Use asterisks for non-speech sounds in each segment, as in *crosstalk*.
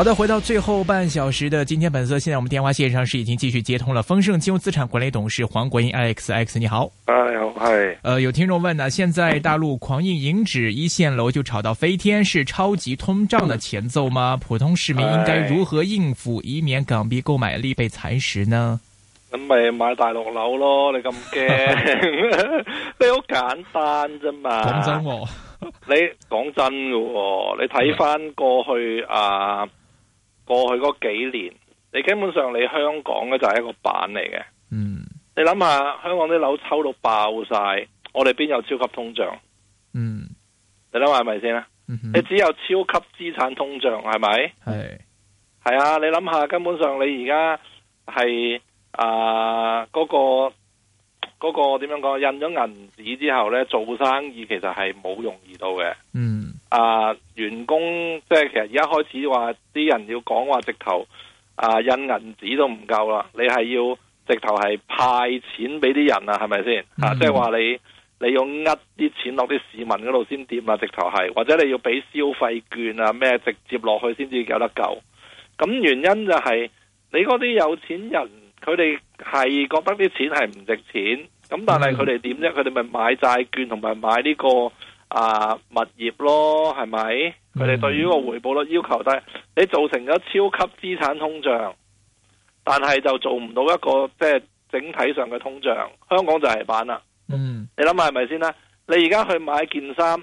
好的，回到最後半小時的《今天本色》，現在我們電話線上是已經繼續接通了。豐盛金融資產管理董事黃國英 Alex，Alex，你好。啊、哎，你好，係、呃。有聽眾問呢、啊，現在大陸狂印銀紙，一線樓就炒到飛天，是超級通脹的前奏嗎？普通市民應該如何應付，以免港幣購買力被蠶食呢？咁咪買大陸樓咯，你咁驚？ *laughs* *laughs* 你好簡單啫嘛。講真、哦，你講真噶，你睇翻過去啊。過去嗰幾年，你基本上你香港咧，就係一個板嚟嘅。嗯，你諗下香港啲樓抽到爆晒，我哋邊有超級通脹？嗯，你諗下係咪先咧？嗯、哼你只有超級資產通脹係咪？係係、嗯、啊，你諗下，根本上你而家係啊嗰個嗰、嗰個點樣講？印咗銀紙之後咧，做生意其實係冇容易到嘅。嗯。啊！Uh, 員工即係其實而家開始話啲人要講話直頭啊印銀紙都唔夠啦，你係要直頭係派錢俾啲人啊，係咪先啊？Mm-hmm. 即係話你你要呃啲錢落啲市民嗰度先掂啊，直頭係或者你要俾消費券啊咩直接落去先至有得救。咁原因就係、是、你嗰啲有錢人佢哋係覺得啲錢係唔值錢，咁但係佢哋點啫？佢哋咪買債券同埋買呢、這個。啊，物業咯，係咪？佢哋、嗯、對於個回報率要求低，你造成咗超級資產通脹，但係就做唔到一個即係整體上嘅通脹。香港就係板啦。嗯，你諗下係咪先啦？你而家去買件衫，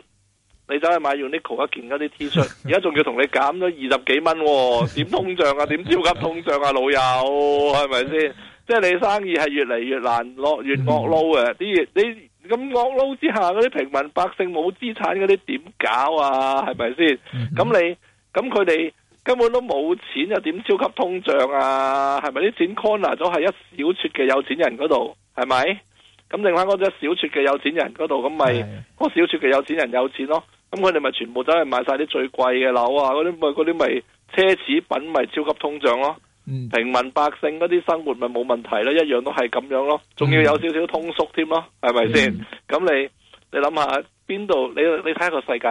你走去買 Uniqlo 一件嗰啲 T 恤，而家仲要同你減咗二十幾蚊，哦，點通脹啊？點超級通脹啊？老友係咪先？是是嗯，即係你生意係越嚟越難落，越惡撈嘅啲，你咁惡撈之下，嗰啲平民百姓冇資產嗰啲點搞啊？係咪先？咁 *laughs* 你咁佢哋根本都冇錢，又點超級通脹啊？係咪啲錢 corner 咗喺一小撮嘅有錢人嗰度？係咪？咁另外嗰隻小撮嘅有錢人嗰度，咁咪嗰小撮嘅有錢人有錢咯。咁佢哋咪全部都係買晒啲最貴嘅樓啊！嗰啲咪啲咪奢侈品咪超級通脹咯。嗯、平民百姓嗰啲生活咪冇問題咯，一樣都係咁樣咯，仲、嗯、要有少少通縮添咯，咯，係咪先？咁、嗯、你你諗下邊度？你想想你睇下個世界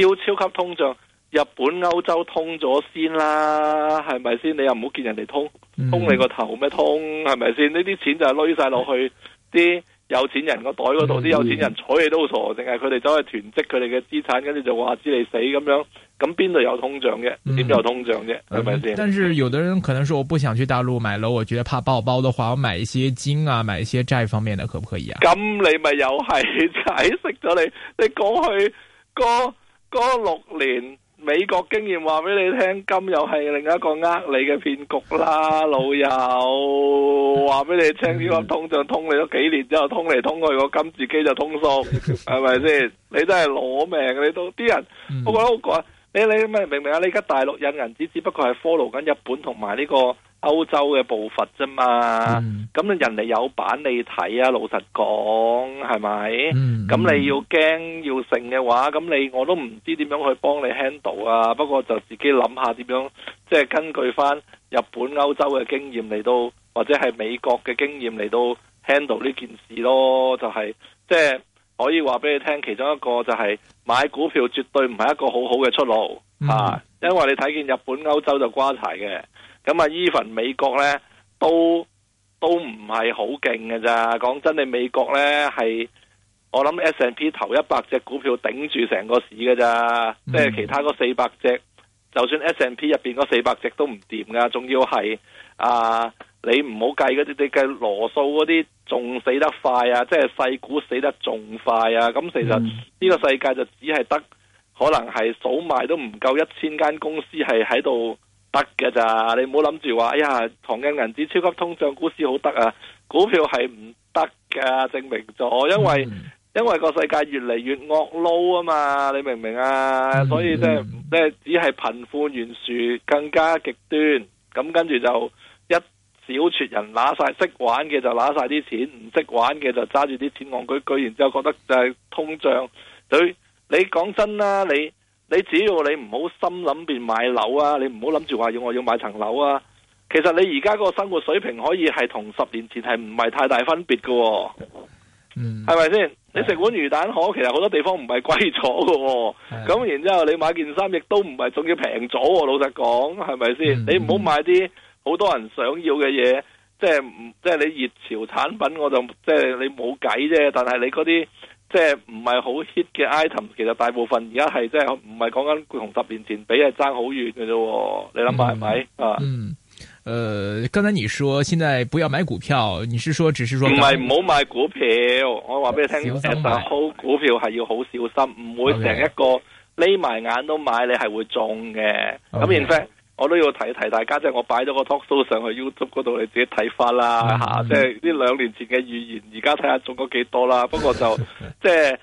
要超級通脹，日本、歐洲通咗先啦，係咪先？你又唔好見人哋通、嗯、通你個頭咩通？係咪先？呢啲錢就係攞晒落去啲。嗯嗯有錢人個袋嗰度，啲有錢人睬你都傻，淨係佢哋走去囤積佢哋嘅資產，跟住就話知你死咁樣，咁邊度有通脹啫？點有通脹啫？係咪先？是是但是有的人可能說，我不想去大陸買樓，我覺得怕爆煲。」嘅話，我買一些金啊，買一些債方面的，可不可以啊？咁、嗯、你咪又係解釋咗你，你過去嗰、那、嗰、個、六年。美國經驗話俾你聽，金又係另一個呃你嘅騙局啦，老友。話俾 *laughs* 你聽呢 *laughs* 個通脹通你咗幾年之後，通嚟通去，個金自己就通縮，係咪先？你真係攞命，你都啲人 *laughs* 我，我覺得好怪。你你咪明唔明啊？你而家大陸印銀紙，只不過係 follow 緊日本同埋呢個。歐洲嘅步伐啫嘛，咁人哋有板你睇啊！老實講，係咪？咁你要驚要剩嘅話，咁你我都唔知點樣去幫你 handle 啊！不過就自己諗下點樣，即係根據翻日本、歐洲嘅經驗嚟到，或者係美國嘅經驗嚟到 handle 呢件事咯。就係即係可以話俾你聽，其中一個就係買股票絕對唔係一個好好嘅出路啊！因為你睇見日本、歐洲就瓜柴嘅。咁啊，even 美國咧都都唔係好勁嘅咋。講真，你美國咧係我諗 S&P 頭一百隻股票頂住成個市嘅咋，即係其他嗰四百隻，嗯、就算 S&P 入邊嗰四百隻都唔掂噶。仲要係啊，你唔好計嗰啲，你計羅素嗰啲，仲死得快啊！即係細股死得仲快啊！咁、嗯嗯、其實呢個世界就只係得可能係數埋都唔夠一千間公司係喺度。得㗎咋？你唔好諗住話，哎呀，唐嘅銀紙超級通脹，股市好得啊！股票係唔得㗎，證明咗，因為、mm hmm. 因為個世界越嚟越惡撈啊嘛！你明唔明啊？Mm hmm. 所以即係即係只係貧富懸殊更加極端，咁跟住就一小撮人拿晒識玩嘅就拿晒啲錢，唔識玩嘅就揸住啲錢戇居居，然之後覺得就係通脹。對，你講真啦，你。你只要你唔好心諗便買樓啊，你唔好諗住話要我要買層樓啊。其實你而家嗰個生活水平可以係同十年前係唔係太大分別嘅，哦，係咪先？你食碗魚蛋河，其實好多地方唔係貴咗嘅。咁的然之後你買件衫亦都唔係，仲要平咗。老實講，係咪先？嗯、你唔好買啲好多人想要嘅嘢，即係唔即係你熱潮產品，我就即係、就是、你冇計啫。但係你嗰啲。即係唔係好 hit 嘅 item，其實大部分而家係即係唔係講緊同十年前比係爭好遠嘅啫，你諗下係咪啊？嗯，誒吧、嗯呃，剛才你說現在不要買股票，你是說只是說唔係唔好買股票？我話俾你聽，其實好股票係要好小心，唔會成一個匿埋眼都買，Okay. 你係會中嘅。咁 in fact。我都要提提大家，即係我擺咗個 talk show 上去 YouTube 嗰度，你自己睇翻啦吓，即係呢兩年前嘅預言，而家睇下中咗幾多啦。不過就 *laughs* 即係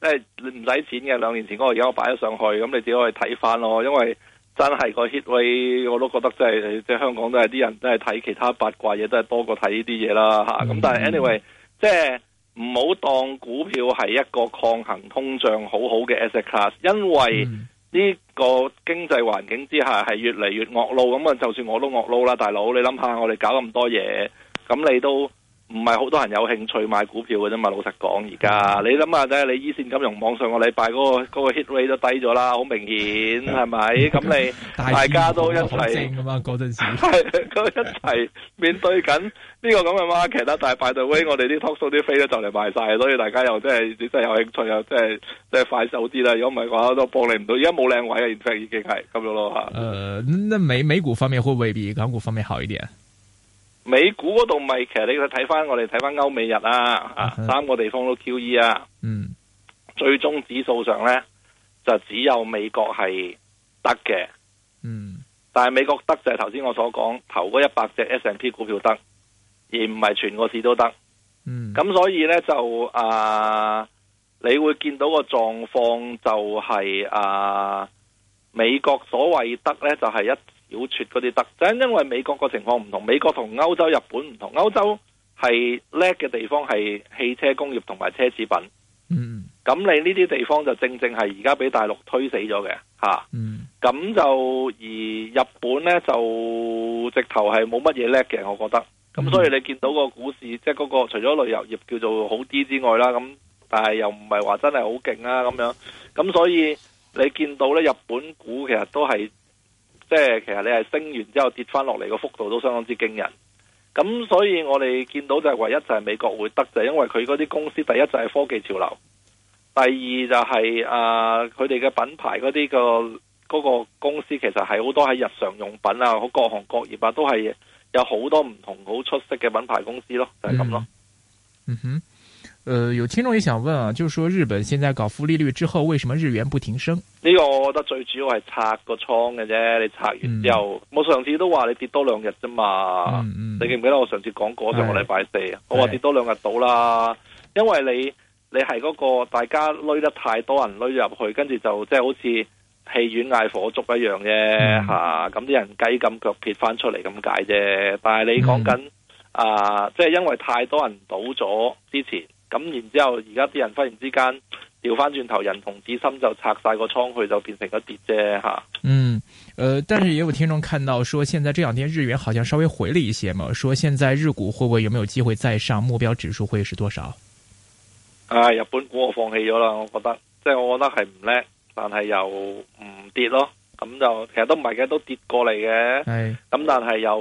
誒唔使錢嘅，兩年前嗰、個而家我擺咗上去，咁你自己可以睇翻咯。因為真係個 hit 位，我都覺得真係，即係香港都係啲人都係睇其他八卦嘢，都係多過睇呢啲嘢啦嚇。咁、啊、但係 anyway，、嗯、即係唔好當股票係一個抗衡通脹好好嘅 asset class，因為。嗯呢個經濟環境之下係越嚟越惡撈。咁啊，就算我都惡撈啦，大佬，你諗下，我哋搞咁多嘢，咁你都。唔係好多人有興趣買股票嘅啫嘛，老實講而家，你諗下睇下你 E 線金融網上個禮拜嗰個嗰個 hit rate 都低咗啦，好明顯係咪？咁 *music* 你大家都一齊陣 *music* 時係， *music* 一齊面對緊呢個咁嘅 market 啦，但係 by the way 我哋啲 talk show 啲飛咧就嚟賣晒，所以大家又真係你真係有興趣又真係真係快手啲啦，如果唔係嘅話都幫你唔到。而家冇靚位現實已經係咁樣咯吓。誒、呃，美美股方面會唔會比港股方面好一點？美股嗰度咪其實你睇翻我哋睇翻歐美日啊，啊、uh huh. 三個地方都 QE 啊，嗯、mm.，最終指數上咧就只有美國係得嘅，嗯，mm. 但係美國得就係頭先我所講頭嗰一百隻 S&P 股票得，而唔係全個市都得，嗯，咁所以咧就啊、呃、你會見到個狀況就係、是、啊、呃、美國所謂得咧就係、是、一。要缺嗰啲得，就因因為美國個情況唔同，美國同歐洲、日本唔同。歐洲係叻嘅地方係汽車工業同埋奢侈品。嗯，咁你呢啲地方就正正係而家俾大陸推死咗嘅嚇。咁、啊嗯、就而日本呢，就直頭係冇乜嘢叻嘅，我覺得。咁所以你見到個股市即係嗰個除咗旅遊業叫做好啲之外啦，咁但係又唔係話真係好勁啦。咁樣。咁所以你見到呢日本股其實都係。即係其實你係升完之後跌翻落嚟個幅度都相當之驚人，咁所以我哋見到就係唯一就係美國會得就係、是、因為佢嗰啲公司第一就係科技潮流，第二就係啊佢哋嘅品牌嗰啲個個，個公司其實係好多喺日常用品啊，各行各業啊都係有好多唔同好出色嘅品牌公司咯，就係、是、咁咯。嗯哼、mm。Hmm. Mm hmm. 誒、呃，有聽眾也想問啊，就是說日本現在搞負利率之後，為什麼日元不停升？呢個我覺得最主要係拆個倉嘅啫，你拆完之後，嗯、我上次都話你多跌多兩日啫嘛。嗯嗯、你記唔記得我上次講過上個禮拜四啊？哎、我話跌多兩日到啦，哎、因為你你係嗰、那個大家累得太多人累入去，跟住就即係好似戲院嗌火燭一樣啫吓，咁啲、嗯啊、人雞咁腳撇翻出嚟咁解啫。但係你講緊啊，即、呃、係因為太多人倒咗之前。咁然之後，而家啲人忽然之間調翻轉頭，人同紙心就拆晒個倉去，就變成個跌啫吓。嗯，誒、呃，但係也有聽眾看到說，現在這兩天日元好像稍微回了一些嘛，說現在日股會不會有沒有機會再上？目標指數會是多少？誒、哎，日本股我放棄咗啦，我覺得即係我覺得係唔叻，但係又唔跌咯。咁就其實都唔係嘅，都跌過嚟嘅。係咁、哎，但係又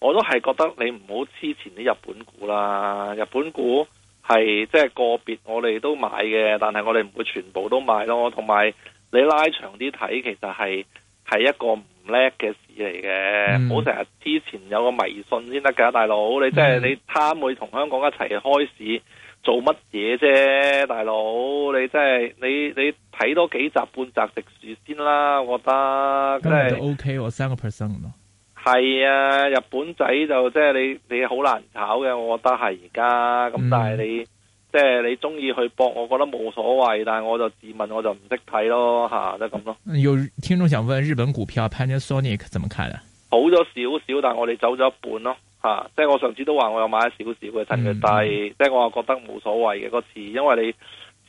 我都係覺得你唔好黐纏啲日本股啦，日本股。係即係個別，我哋都買嘅，但係我哋唔會全部都買咯。同埋你拉長啲睇，其實係係一個唔叻嘅事嚟嘅。好成日之前有個迷信先得噶，大佬。你即係、嗯、你貪會同香港一齊開市做乜嘢啫，大佬？你即係你你睇多幾集半集食樹先啦，我覺得。咁就 OK，我三個 percent 咯。係啊，日本仔就即係你你好難炒嘅，我覺得係而家咁。但係你、嗯、即係你中意去搏，我覺得冇所謂。但係我就自問，我就唔識睇咯，吓、啊，就咁咯。有聽眾想問日本股票 Panasonic 點樣睇咧？好咗少少，但係我哋走咗一半咯，吓、啊。即係我上次都話，我又買咗少少嘅趁佢低，即係我又覺得冇所謂嘅嗰次，因為你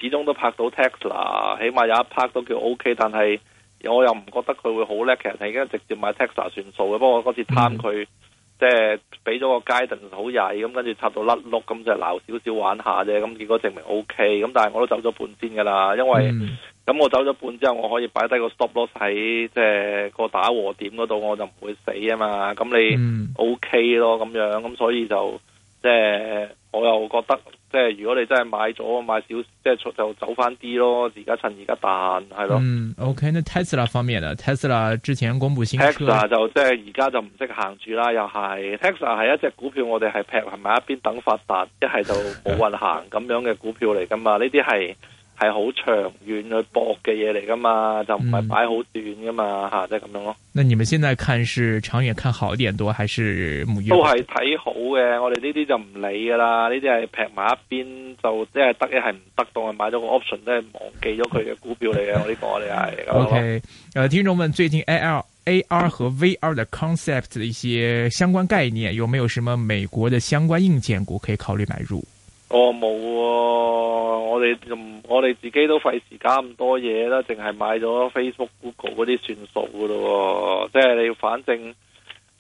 始終都拍到 Tesla，起碼有一 part 都叫 OK，但係。我又唔覺得佢會好叻，其實係應該直接買 Tesla 算數嘅。不過我嗰次貪佢，嗯、即係俾咗個 guidance 好曳咁，跟、嗯、住插到甩碌咁，就鬧少少玩下啫。咁、嗯嗯、結果證明 O K，咁但係我都走咗半先噶啦。因為咁我走咗半之後，我可以擺低個 stop loss 喺即係個打和點嗰度，我就唔會死啊嘛。咁你、嗯、O、OK、K 咯，咁樣咁所以就即係我又覺得。即係如果你真係買咗買少，即係就走翻啲咯。而家趁而家彈係咯。嗯，OK，那 Tesla 方面咧，Tesla 之前公布先。Tesla 就即係而家就唔識行住啦，又係 Tesla 係一隻股票，我哋係劈喺埋一邊等發達，一係就冇運行咁樣嘅股票嚟噶嘛？呢啲係。係好長遠去搏嘅嘢嚟噶嘛，就唔係擺好短噶嘛吓，即係咁樣咯。那你們現在看是長遠看好一點多，還是都係睇好嘅？我哋呢啲就唔理噶啦，呢啲係劈埋一邊，就即係、就是、得一係唔得當，買咗個 option，即係忘記咗佢嘅股票嚟嘅。我呢、個我哋係。 *laughs* OK，誒、呃，聽眾問最近 AR、AR 和 VR 的 concept 的一些相關概念，有沒有什麼美國的相關硬件股可以考慮買入？我冇、哦啊，我哋唔，我哋自己都費事搞咁多嘢啦，淨係買咗 Facebook、Google 嗰啲算數噶咯。即係你反正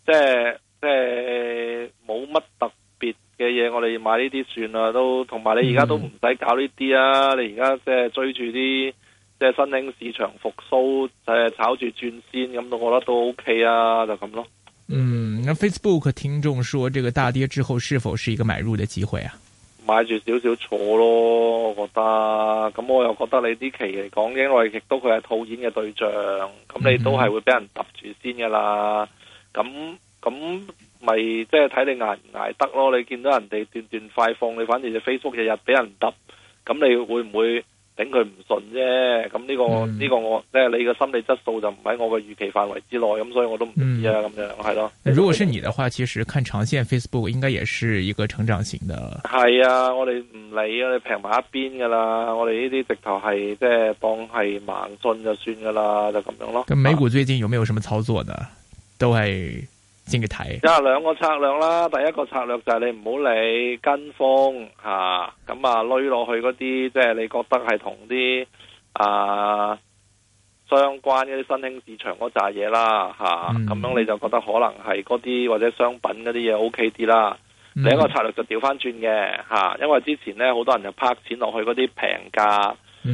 即係即係冇乜特別嘅嘢，我哋買呢啲算啦。都同埋你而家都唔使搞呢啲啊。嗯、你而家即係追住啲即係新興市場復蘇，誒，炒住轉先咁，我覺得都 O、OK、K 啊，就咁咯。嗯，那 Facebook 聽眾說，這個大跌之後是否是一個買入的機會啊？買住少少坐咯，我覺得。咁、嗯、我又覺得你呢期嚟講，因為亦都佢係套現嘅對象，咁你都係會俾人揼住先噶啦。咁咁咪即係睇你捱唔捱得咯。你見到人哋段段快放，你反正 Facebook 日日俾人揼，咁你會唔會？頂佢唔順啫，咁呢、這個呢、嗯、個我即係你嘅心理質素就唔喺我嘅預期範圍之內，咁所以我都唔知啊，咁樣係咯。那的如果是你嘅話，其實看長線 Facebook 應該也是一個成長型嘅。係啊，我哋唔理啊，你平埋一邊噶啦，我哋呢啲直頭係即係當係盲信就算噶啦，就咁樣咯。咁、嗯、美股最近有冇有什麼操作呢？都係。先去睇，即係兩個策略啦。第一個策略就係你唔好理跟風吓，咁啊，累落、啊、去嗰啲，即係你覺得係同啲啊相關一啲新興市場嗰扎嘢啦吓，咁、啊嗯、樣你就覺得可能係嗰啲或者商品嗰啲嘢 OK 啲啦。嗯、另一個策略就調翻轉嘅吓，因為之前呢，好多人就拍錢落去嗰啲平價，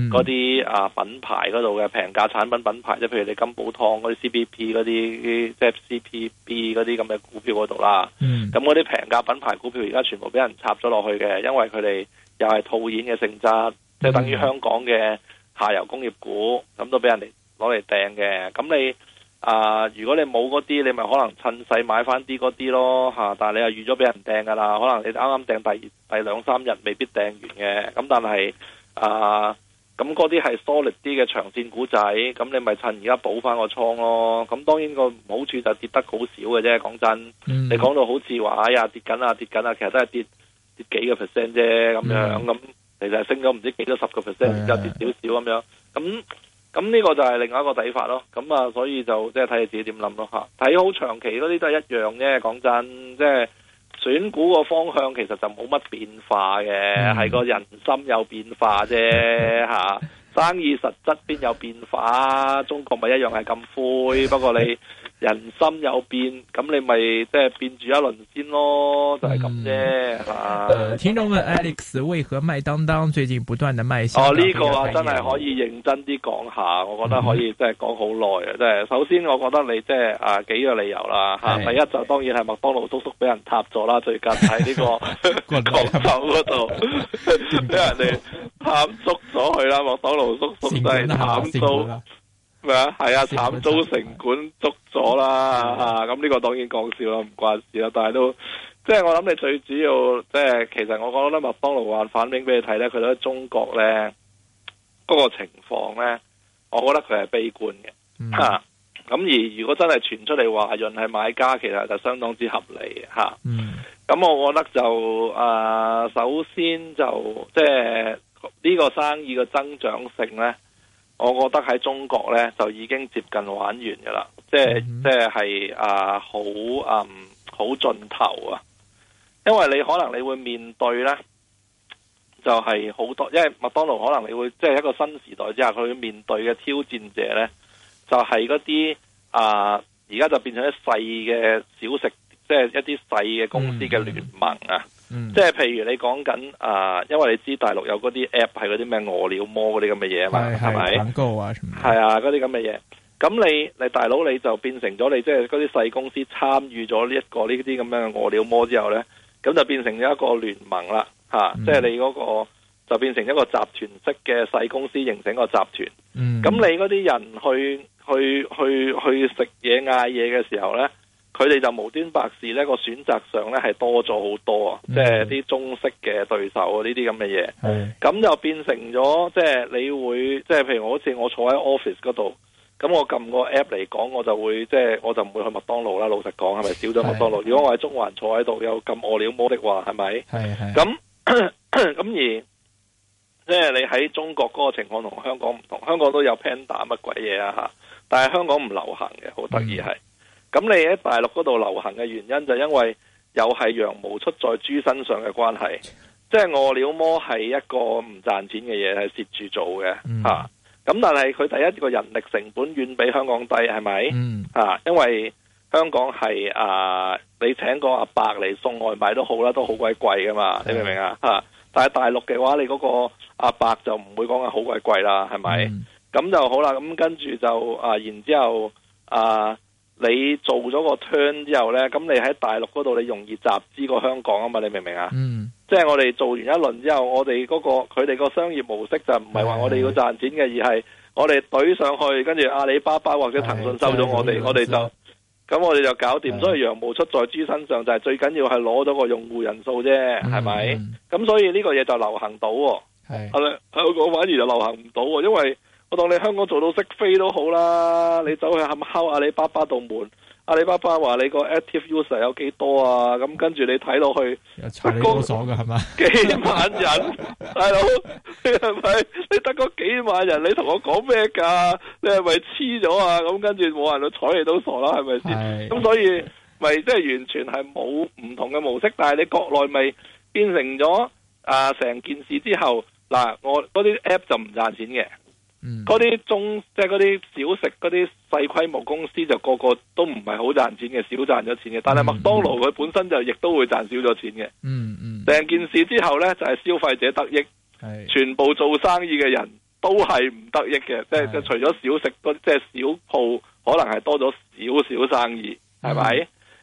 嗰啲、嗯、啊品牌嗰度嘅平價產品品牌，即譬如你金寶湯嗰啲 CBP 嗰啲，即係 CPB 嗰啲咁嘅股票嗰度啦。咁嗰啲平價品牌股票而家全部俾人插咗落去嘅，因為佢哋又係套現嘅性質，嗯、即係等於香港嘅下游工業股，咁都俾人哋攞嚟掟嘅。咁你啊、呃，如果你冇嗰啲，你咪可能趁勢買翻啲嗰啲咯嚇、啊。但係你又預咗俾人掟㗎啦，可能你啱啱掟第二、第兩三日未必掟完嘅。咁但係啊～啊咁嗰啲係 solid 啲嘅長線股仔，咁你咪趁而家補翻個倉咯。咁當然個好處就跌得好少嘅啫，講真。嗯、你講到好似話哎呀跌緊啊跌緊啊，其實都係跌跌幾個 percent 啫，咁樣咁，其實係升咗唔知幾多十個 percent，然之後、嗯、跌少少咁樣。咁咁呢個就係另外一個睇法咯。咁啊，所以就即係睇你自己點諗咯吓。睇好長期嗰啲都係一樣啫，講真，即係。選股個方向其實就冇乜變化嘅，係、嗯、個人心有變化啫嚇、啊。生意實質邊有變化？中國咪一樣係咁灰，不過你。人心有變，咁你咪即係變住一輪先咯，就係咁啫。吓，聽眾問 Alex 為何麥當當最近不斷嘅賣？哦，呢個啊真係可以認真啲講下，我覺得可以真係講好耐啊！即係首先，我覺得你即係啊幾個理由啦吓。第一就當然係麥當勞叔叔俾人踏咗啦，最近喺呢個廣州嗰度俾人哋塌縮咗去啦，麥當勞叔叔真係慘到。咪啊，係、嗯嗯、啊，慘遭城管捉咗啦！啊、嗯，咁呢個當然講笑啦，唔關事啦。但係都即係我諗，你最主要即係其實我覺得麥當勞話反映俾你睇咧，佢哋喺中國咧嗰、那個情況咧，我覺得佢係悲觀嘅嚇。咁、啊、而如果真係傳出嚟話華潤係買家，其實就相當之合理嚇。咁我覺得就誒、呃，首先就即係呢、這個生意嘅增長性咧。我覺得喺中國呢，就已經接近玩完噶啦，即係、mm hmm. 即係係啊好啊好盡頭啊，因為你可能你會面對呢，就係、是、好多，因為麥當勞可能你會即係一個新時代之下佢會面對嘅挑戰者呢，就係嗰啲啊而家就變成一細嘅小，小食，即、就、係、是、一啲細嘅公司嘅聯盟啊。Mm hmm. 嗯、即係譬如你講緊啊，因為你知大陸有嗰啲 app 係嗰啲咩餓了麼嗰啲咁嘅嘢啊嘛，係咪廣告啊？係啊，嗰啲咁嘅嘢。咁你你大佬你就變成咗你即係嗰啲細公司參與咗呢一個呢啲咁樣餓了麼之後咧，咁就變成咗一個聯盟啦，吓、啊，嗯、即係你嗰、嗰個就變成一個，成一個集團式嘅細公司形成個集團。咁、嗯、你嗰啲人去去去去食嘢嗌嘢嘅時候咧？佢哋就無端白事呢個選擇上呢，係多咗好多啊！Hmm. 即係啲中式嘅對手啊，呢啲咁嘅嘢。咁、mm hmm. 就變成咗，即係你會，即係譬如我好似我坐喺 office 嗰度，咁我撳個 app 嚟講，我就會即係我就唔會去麥當勞啦。老實講係咪少咗麥當勞？Mm hmm. 如果我喺中環坐喺度，有咁餓了麼的話，係咪？係咁咁而即係你喺中國嗰個情況同香港唔同，香港都有 panda 乜鬼嘢啊嚇！但係香港唔流行嘅，好得意係。咁、嗯、你喺大陸嗰度流行嘅原因就因為又係羊毛出在豬身上嘅關係，即係餓了麼係一個唔賺錢嘅嘢，係蝕住做嘅吓。咁、啊、但係佢第一個人力成本遠比香港低，係咪？吓、啊，因為香港係啊，你請個阿伯嚟送外賣都好啦，都好鬼貴噶嘛，你明唔明啊？吓，但係大陸嘅話，你嗰個阿伯就唔會講啊好鬼貴啦，係咪？咁、嗯、就好啦。咁跟住就啊，然之後啊。你做咗個 turn 之後呢，咁你喺大陸嗰度你容易集資過香港啊嘛？你明唔明啊？嗯，即係我哋做完一輪之後，我哋嗰個佢哋個商業模式就唔係話我哋要賺錢嘅，而係我哋懟上去，跟住阿里巴巴或者騰訊收咗我哋，我哋就咁我哋就搞掂。所以羊毛出在豬身上，就係最緊要係攞到個用戶人數啫，係咪？咁所以呢個嘢就流行到，係香港反而就流行唔到，因為。我當你香港做到識飛都好啦，你走去喊敲阿里巴巴度門，阿里巴巴話你個 active user 有幾多啊？咁、嗯、跟住你睇落去，查你都傻咪？高 *laughs* 幾萬人， *laughs* 大佬，係咪？你得嗰幾萬人，你同我講咩㗎？你係咪黐咗啊？咁、嗯、跟住冇人去睬你都傻啦，係咪先？咁 *laughs* 所以咪即係完全係冇唔同嘅模式，但係你國內咪變成咗啊？成件事之後嗱、啊，我嗰啲 app 就唔賺錢嘅。嗰啲、嗯、中即係啲小食嗰啲細規模公司就個個都唔係好賺錢嘅，少賺咗錢嘅。但係麥當勞佢、嗯嗯、本身就亦都會賺少咗錢嘅、嗯。嗯嗯。成件事之後咧，就係、是、消費者得益，是全部做生意嘅人都係唔得益嘅。即係是除咗小食即係、就是、小鋪，可能係多咗少少生意，係咪吧？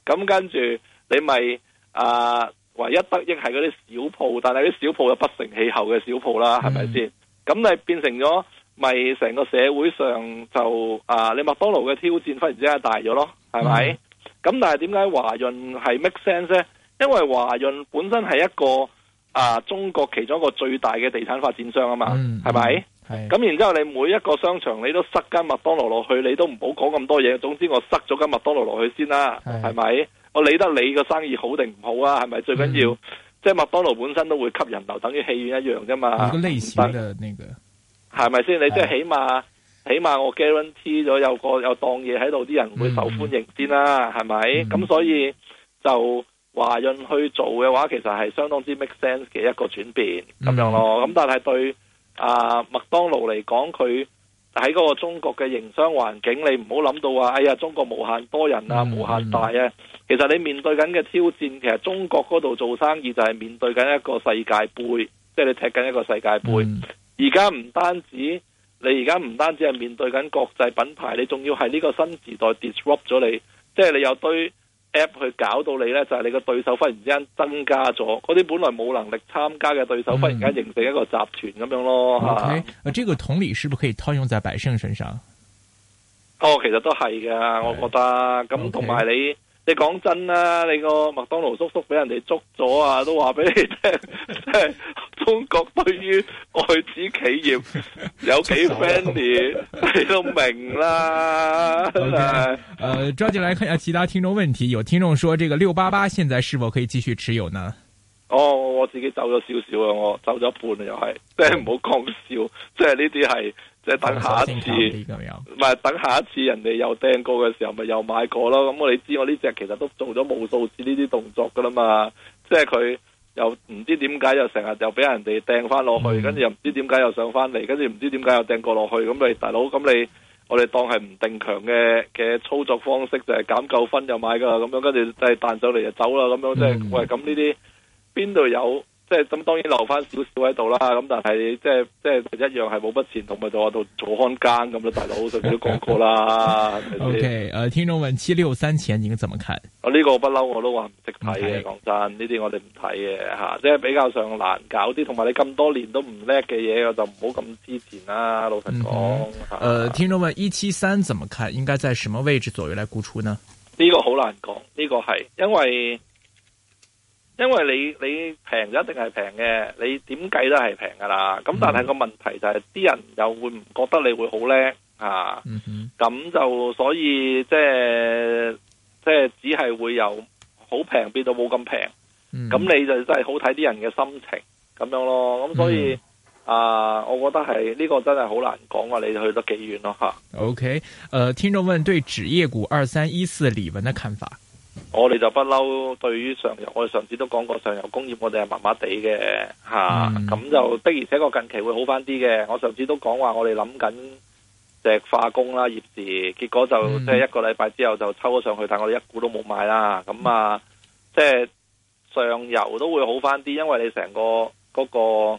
咁、嗯、跟住你咪啊、呃，唯一得益係嗰啲小鋪，但係啲小鋪又不成氣候嘅小鋪啦，係咪先？咁咪、嗯、變成咗。咪成個社會上就啊，你麥當勞嘅挑戰忽然之間大咗咯，係咪？咁但係點解華潤係 make sense 咧？因為華潤本身係一個啊中國其中一個最大嘅地產發展商啊嘛，係咪？係咁然之後，你每一個商場你都塞間麥當勞落去，你都唔好講咁多嘢。總之我塞咗間麥當勞落去先啦，係咪？我理得你個生意好定唔好啊？係咪？最緊要即係麥當勞本身都會吸人流，等於戲院一樣啫嘛。一個類型係咪先？你即係起碼，Yeah. 起碼我 guarantee 咗有個有檔嘢喺度，啲人會受歡迎先啦，係咪？咁所以就華潤去做嘅話，其實係相當之 make sense 嘅一個轉變咁、mm hmm. 樣咯。咁但係對啊麥當勞嚟講，佢喺嗰個中國嘅營商環境，你唔好諗到話，哎呀，中國無限多人啊，mm hmm. 無限大啊。其實你面對緊嘅挑戰，其實中國嗰度做生意就係面對緊一個世界盃，即係你踢緊一個世界盃。Mm hmm. 而家唔單止你，而家唔單止係面對緊國際品牌，你仲要係呢個新時代 disrupt 咗你，即係你有堆 app 去搞到你呢，就係、是、你個對手忽然之間增加咗，嗰啲本來冇能力參加嘅對手，忽然間形成一個集團咁、嗯、樣咯。Okay. 啊，呢、啊啊、個同理是不是可以套用在百勝身上？哦，其實都係㗎，我覺得咁同埋你，你講真啦，你個麥當勞叔叔俾人哋捉咗啊，都話俾你聽， *laughs* *laughs* 中國對於外資企業有幾 friendly， *laughs* 呵呵呵 *laughs* 你都明啦。好嘅，誒，抓緊來看下其他聽眾問題。有聽眾說，這個六八八現在是否可以繼續持有呢？哦，我自己走咗少少啊，我走咗一半又係，即係唔好講笑，， *laughs* *laughs* *laughs* 即係呢啲係，即係等下一次咁樣，唔係、嗯、等下一次人哋又掟過嘅時候，咪 *laughs* 又買過咯。咁、嗯、我哋知我呢隻其實都做咗無數次呢啲動作噶啦嘛，即係佢。又唔知點解又成日又俾人哋掟翻落去，跟住、mm hmm. 又唔知點解又上翻嚟，跟住唔知點解又掟過落去。咁你大佬，咁你我哋當係唔定強嘅嘅操作方式，就係、是、減夠分就買㗎啦，咁樣跟住就係彈走嚟就走啦，咁樣即係、就是 mm hmm. 喂咁呢啲邊度有？即係咁，當然留翻少少喺度啦。咁但係即係即係一樣係冇乜錢，同埋就喺度做看更。咁啦。大佬上次都講過啦。O K，誒，聽眾問七六三前，你怎麼看？我呢個不嬲，我都話唔識睇嘅。講真，呢啲我哋唔睇嘅吓，即係比較上難搞啲，同埋你咁多年都唔叻嘅嘢，我就唔好咁支持啦。老實講。誒，聽眾問一七三怎麼看？應該在什麼位置左右來沽出呢？嗯呃、出呢個好難講，呢個係因為。因為你你平就一定係平嘅，你點計都係平㗎喇。咁但係個問題就係、是、啲、嗯、哼人又會唔覺得你會好叻啊？咁、嗯、哼就所以即係即係只係會由好平變到冇咁平。咁、嗯、你就真係好睇啲人嘅心情咁樣咯。咁所以啊、嗯哼呃，我覺得係呢、這個真係好難講話你去得幾遠咯吓？OK，誒、呃，聽眾問對紙業股二三一四李文嘅看法。我哋就不嬲，對於上游，我哋上次都講過上游工業，我哋係麻麻地嘅吓，咁就的，而且確近期會好翻啲嘅。我上次都講話、啊嗯，我哋諗緊石化工啦、業時，結果就即係、嗯、一個禮拜之後就抽咗上去，但我哋一股都冇買啦。咁啊，嗯、即係上游都會好翻啲，因為你成個嗰個嗰個。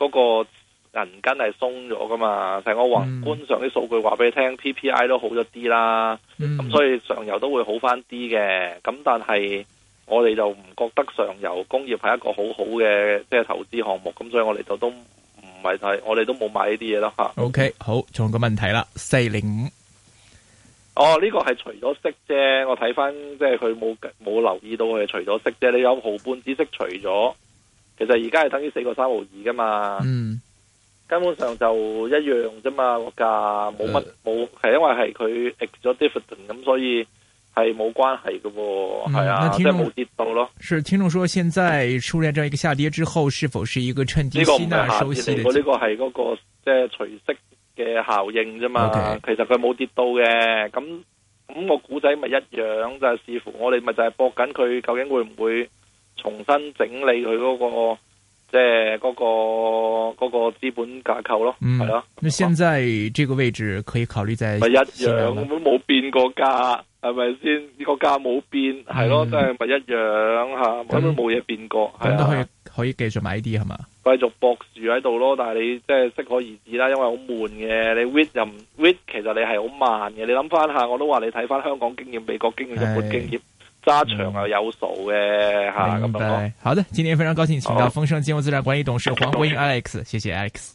那個那個銀根係鬆咗噶嘛？成個宏觀上啲數據話俾你聽、嗯、，PPI 都好咗啲啦。咁、嗯嗯、所以上游都會好翻啲嘅。咁但係我哋就唔覺得上游工業係一個好好嘅，即、就、係、是、投資項目。咁所以我哋就都唔係，就我哋都冇買呢啲嘢啦。吓，OK，好，仲有個問題啦，四零五。哦，呢、這個係除咗息啫。我睇翻，即係佢冇冇留意到佢除咗息啫。你有毫半只息除咗，其實而家係等於四個三毫二噶嘛。嗯。根本上就一樣啫嘛，個價冇乜冇，係、呃、因為係佢 ex 咗 dividend 咁，end，所以係冇關係嘅喎。係、嗯、啊，都冇跌到咯。是，聽眾說現在出現咗一個下跌之後，是否是一個趁低吸納收息？呢個唔呢個係嗰、那個即係除息嘅效應啫嘛。Okay. 其實佢冇跌到嘅，咁咁個股仔咪一樣，就係、是、視乎我哋咪就係搏緊佢究竟會唔會重新整理佢嗰、那個。即係嗰個嗰個資本架構咯，係咯、嗯。咁吧現在呢個位置可以考慮在，在？咪一樣，根本冇變過價，係咪先？呢個價冇變，係咯的，都係咪一樣吓？根本冇嘢變過，咁都可以的可以繼續買啲係嘛？繼續博住喺度咯，但係你即係適可而止啦，因為好悶嘅。你 whit 又 whit，其實你係好慢嘅。你諗翻下，我都話你睇翻香港經驗、美國經驗、日本經驗。的家長、嗯嗯、啊，有數嘅嚇，咁樣咯。好的，今天非常高興請到豐盛金融資產管理董事黃國英 *laughs* Alex，謝謝 Alex。